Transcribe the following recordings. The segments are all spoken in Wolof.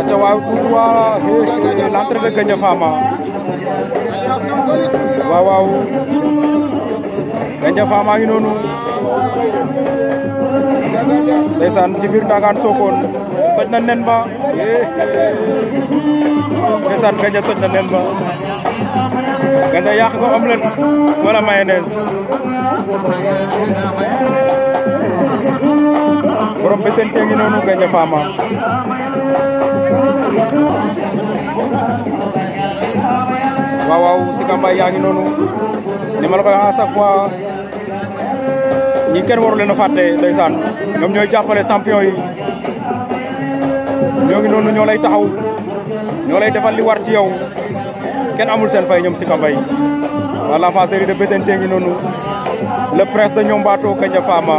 aca waaw waa l'entrée de Gandia Fama waaw waaw Gandia Fama ngi noonu ndeysaan ci biir Ndangane Sokone toj na nen ba ndeysaan Gandia toj na nen ba Gandia yàq ko omelette noonu Gandia Fama waaw waaw Sika yaa ngi noonu ni ma la koy à chaque kenn waru leen a fàtte ndeysaan ñoom ñooy jàppale champion yi ñoo ngi noonu ñoo lay taxaw ñoo lay defal li war ci yow kenn amul seen fay ñoom Sika Mbaye waa l'enfance de Betente ngi noonu le prince de Niombato Gandia Fama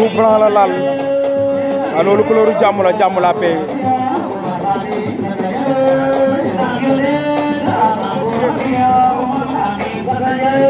tout blanc la laal a la la Thank you.